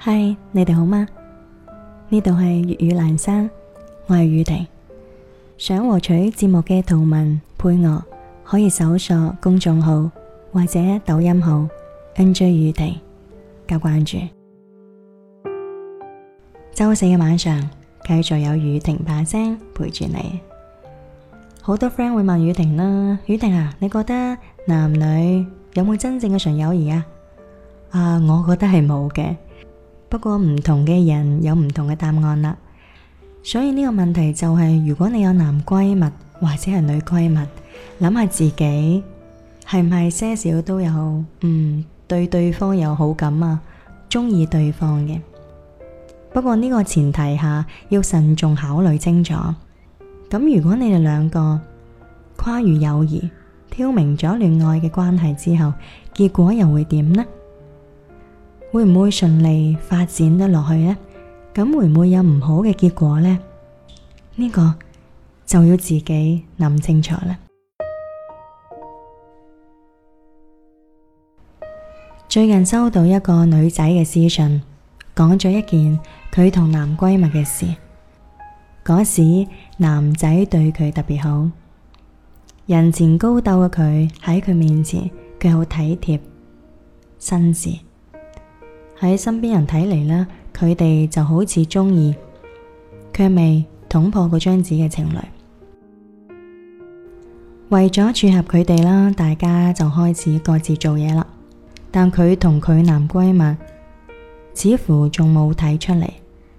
嗨，Hi, 你哋好嗎？呢度係粵語蘭山，我係宇婷。想獲取節目嘅圖文配樂，可以搜索公眾號或者抖音號 NJ 宇婷加關注。周四嘅晚上繼續有宇婷把聲陪住你。好多 friend 會問宇婷啦，宇婷啊，你覺得男女有冇真正嘅純友誼啊？啊，uh, 我覺得係冇嘅。不過唔同嘅人有唔同嘅答案啦，所以呢個問題就係，如果你有男閨蜜或者係女閨蜜，諗下自己係唔係些少都有嗯，對對方有好感啊，中意對方嘅。不過呢個前提下要慎重考慮清楚。咁如果你哋兩個跨越友誼，挑明咗戀愛嘅關係之後，結果又會點呢？會唔會順利發展得落去呢？咁會唔會有唔好嘅結果呢？呢個就要自己諗清楚啦。 最近收到一個女仔嘅私信，講咗一件佢同男閨蜜嘅事。嗰時男仔對佢特別好，人前高冷嘅佢喺佢面前，佢好體貼紳士。身時喺身邊人睇嚟咧，佢哋就好似中意卻未捅破嗰張紙嘅情侶。為咗撮合佢哋啦，大家就開始各自做嘢啦。但佢同佢男閨蜜似乎仲冇睇出嚟。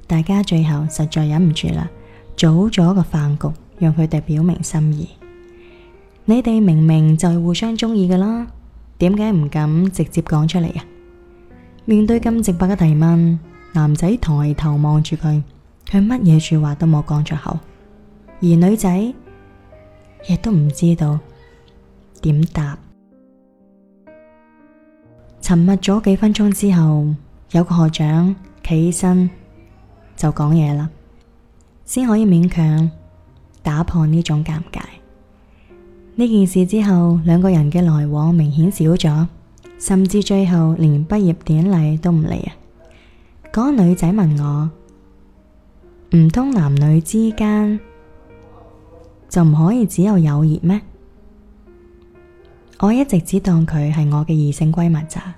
大家最後實在忍唔住啦，組咗個飯局，讓佢哋表明心意。你哋明明就係互相中意嘅啦，點解唔敢直接講出嚟啊？面對咁直白嘅提問，男仔抬頭望住佢，佢乜嘢說話都冇講出口，而女仔亦都唔知道點答。沉默咗幾分鐘之後，有個學長企起身就講嘢啦，先可以勉強打破呢種尷尬。呢件事之後，兩個人嘅來往明顯少咗。甚至最後連畢業典禮都唔嚟啊！嗰個女仔問我，唔通男女之間就唔可以只有友誼咩？我一直只當佢係我嘅異性閨蜜咋？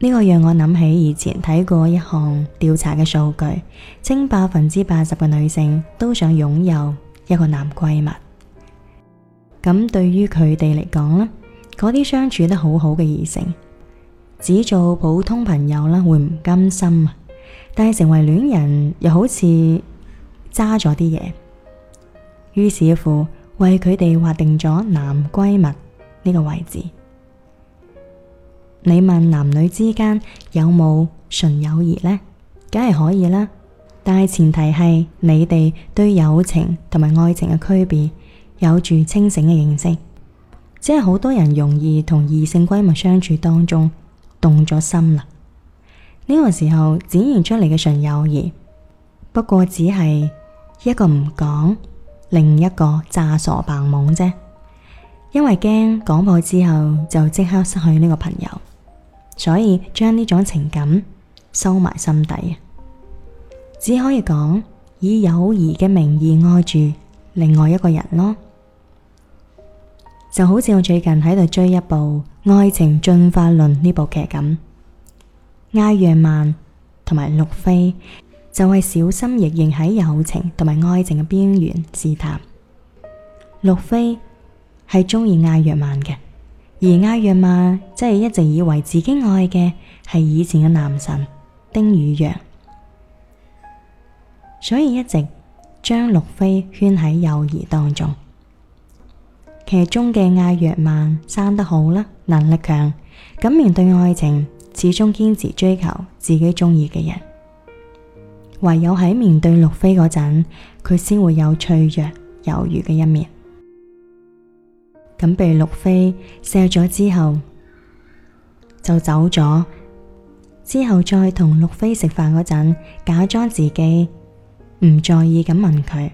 呢個讓我諗起以前睇過一項調查嘅數據，稱百分之八十嘅女性都想擁有一個男閨蜜。咁對於佢哋嚟講咧？嗰啲相處得好好嘅異性，只做普通朋友啦，會唔甘心。但係成為戀人，又好似揸咗啲嘢，於是乎為佢哋劃定咗男閨蜜呢個位置。你問男女之間有冇純友誼呢？梗係可以啦，但係前提係你哋對友情同埋愛情嘅區別有住清醒嘅認識。即係好多人容易同異性閨蜜相處當中動咗心啦，呢個時候展現出嚟嘅純友誼，不過只係一個唔講，另一個詐傻扮懵啫，因為驚講破之後就即刻失去呢個朋友，所以將呢種情感收埋心底，只可以講以友誼嘅名義愛住另外一個人咯。就好似我最近喺度追一部《愛情進化論》呢部劇咁，艾若曼同埋陸飛就係小心翼翼喺友情同埋愛情嘅邊緣試探。陸飛係中意艾若曼嘅，而艾若曼即係一直以為自己愛嘅係以前嘅男神丁宇陽，所以一直將陸飛圈喺友誼當中。其中嘅艾若曼生得好啦，能力強，咁面對愛情始終堅持追求自己中意嘅人。唯有喺面對陸飛嗰陣，佢先會有脆弱猶豫嘅一面。咁被陸飛錫咗之後就走咗，之後再同陸飛食飯嗰陣，假裝自己唔在意咁問佢，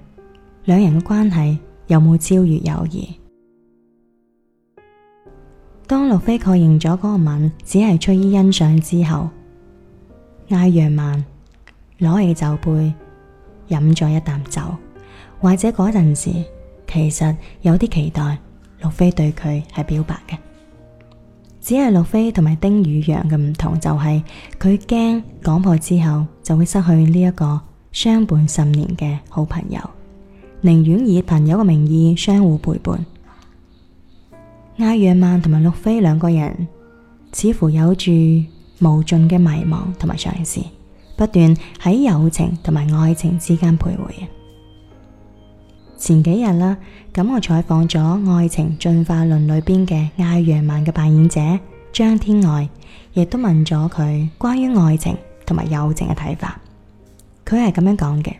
兩人嘅關係有冇超越友誼？當陸飛確認咗嗰個吻只係出於欣賞之後，嗌揚曼攞起酒杯飲咗一啖酒，或者嗰陣時其實有啲期待陸飛對佢係表白嘅。只係陸飛同埋丁宇揚嘅唔同就係佢驚講破之後就會失去呢一個相伴十年嘅好朋友，寧願以朋友嘅名義相互陪伴。艾若曼同埋陸飛兩個人似乎有住無盡嘅迷茫同埋嘗試，不斷喺友情同埋愛情之間徘徊。前幾日啦，咁我採訪咗《愛情進化論》裏邊嘅艾若曼嘅扮演者張天愛，亦都問咗佢關於愛情同埋友情嘅睇法。佢係咁樣講嘅：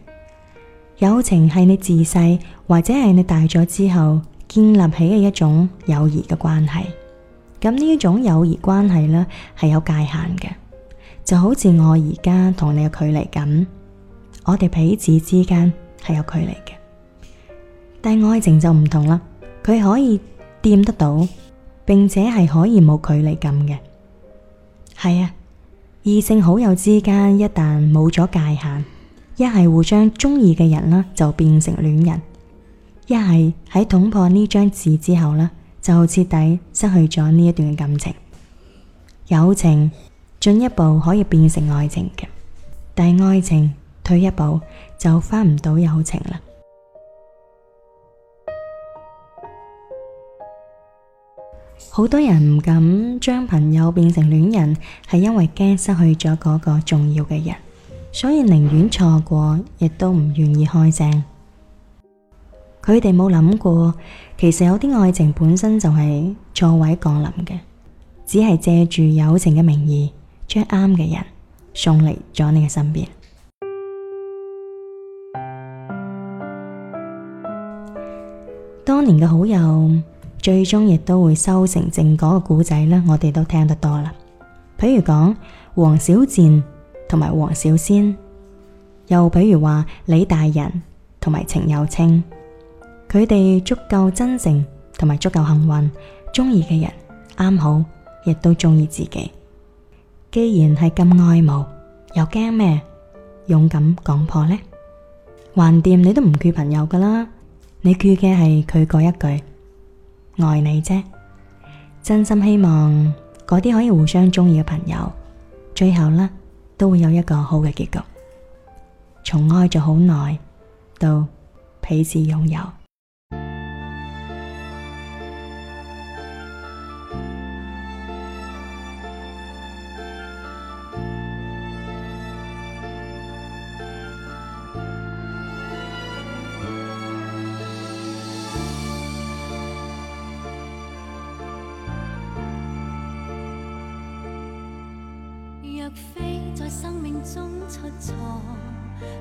友情係你自細或者係你大咗之後，建立起嘅一種友誼嘅關係，咁呢一種友誼關係呢，係有界限嘅，就好似我而家同你嘅距離咁，我哋彼此之間係有距離嘅。但愛情就唔同啦，佢可以掂得到，並且係可以冇距離感嘅。係啊，異性好友之間一旦冇咗界限，一係互相中意嘅人呢，就變成戀人。一係喺捅破呢張紙，之後呢，就徹底失去咗呢一段感情。友情進一步可以變成愛情嘅，但係愛情退一步就返唔到友情啦。好多人唔敢將朋友變成戀人，係因為驚失去咗嗰個重要嘅人，所以寧願錯過，亦都唔願意開聲。佢哋冇諗過，其實有啲愛情本身就係錯位降臨嘅，只係借住友情嘅名義，將啱嘅人送嚟咗你嘅身邊。 當年嘅好友，最終亦都會修成正果嘅古仔呢，我哋都聽得多啦。譬如講王小賤同埋黃小仙，又比如話李大仁同埋程又青。佢哋足夠真誠，同埋足夠幸運，中意嘅人啱好亦都中意自己。既然係咁愛慕，又驚咩，勇敢講破呢？橫掂，你都唔缺朋友噶啦。你缺嘅係佢嗰一句愛你啫。真心希望嗰啲可以互相中意嘅朋友，最後呢，都會有一個好嘅結局，從愛咗好耐到彼此擁有。非在生命中出錯，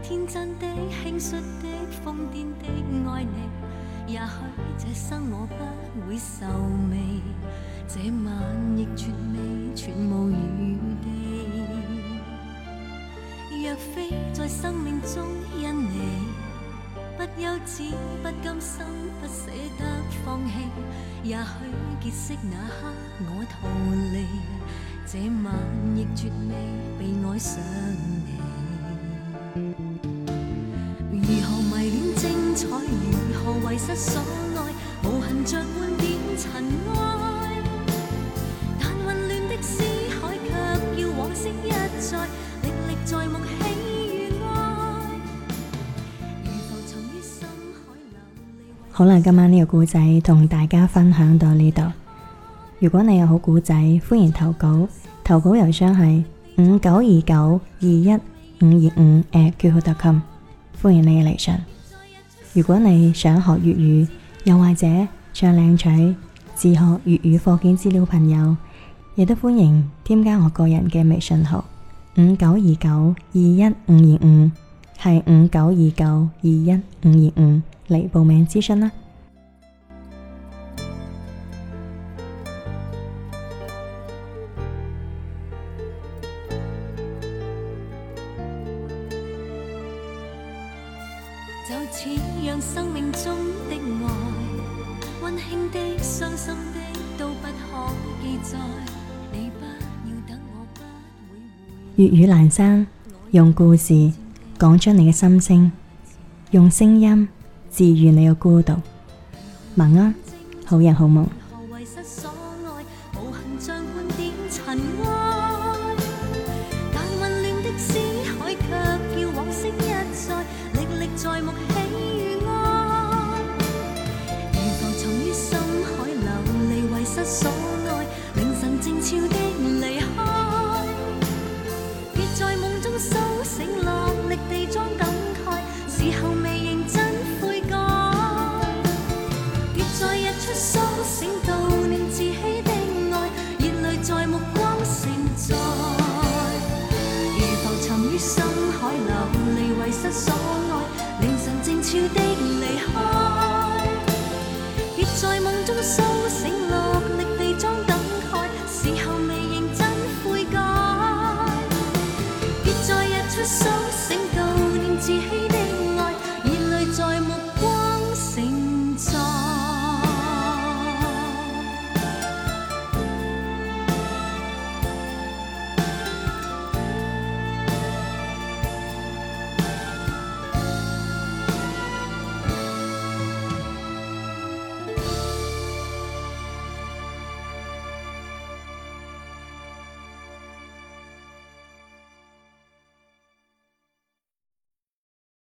天真的、輕率的、瘋癲的愛你，也許這生我不會愁眉，這晚亦絕未全無餘地。若非在生命中因你。不休止，不甘心，不捨得放棄。也許結識那刻我逃離，這晚亦絕未被愛上你。如何迷戀精彩？如何遺失所？好啦，今晚呢個故仔同大家分享到呢度。如果你有好故仔，歡迎投稿，投稿郵箱係五九二九二一五二五 @qq.com，歡迎你嚟信。如果你想學粵語，又或者想領取自學粵語課件資料，朋友亦都歡迎添加我個人嘅微信號五九二九二一五二五，係五九二九二一五二五。嚟報名諮詢啦！就似讓生命中的愛，温馨的、傷心的，都不可記載。你不要等我，不會回。粵語闌珊，用故事講出你嘅心聲，用聲音，治愈你嘅孤獨，晚安，好人好夢。